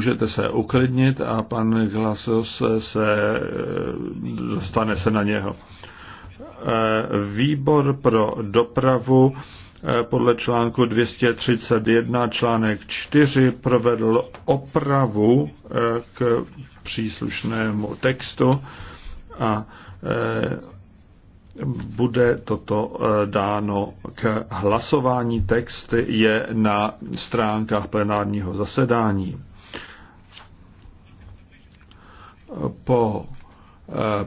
Můžete se uklidnit a pan Glasos se eh, dostane se na něho. Eh, výbor pro dopravu eh, podle článku 231 článek 4 provedl opravu k příslušnému textu a bude toto dáno k hlasování. Text je na stránkách plenárního zasedání. po eh,